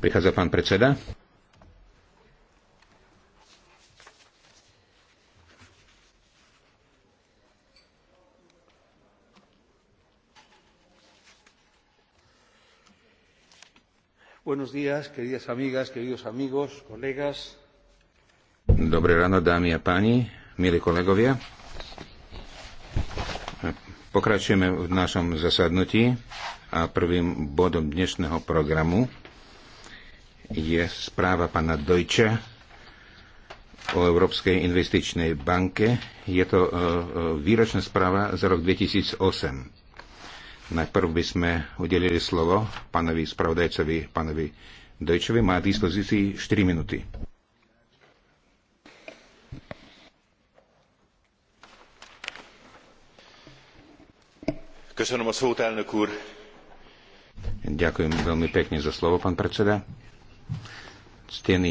Prichádza pán predseda. Buenos días, queridas amigas, queridos amigos, colegas. Dobré ráno, dámy a páni, milí kolegovia. Pokračujeme v našom zasadnutí a prvým bodom dnešného programu je správa pana Dojča o Európskej investičnej banke. Je to e, e, výročná správa za rok 2008. Najprv by sme udelili slovo pánovi spravodajcovi, pánovi Dojčovi. Má dispozícii 4 minúty. Ďakujem veľmi pekne za slovo, pán predseda. Ctení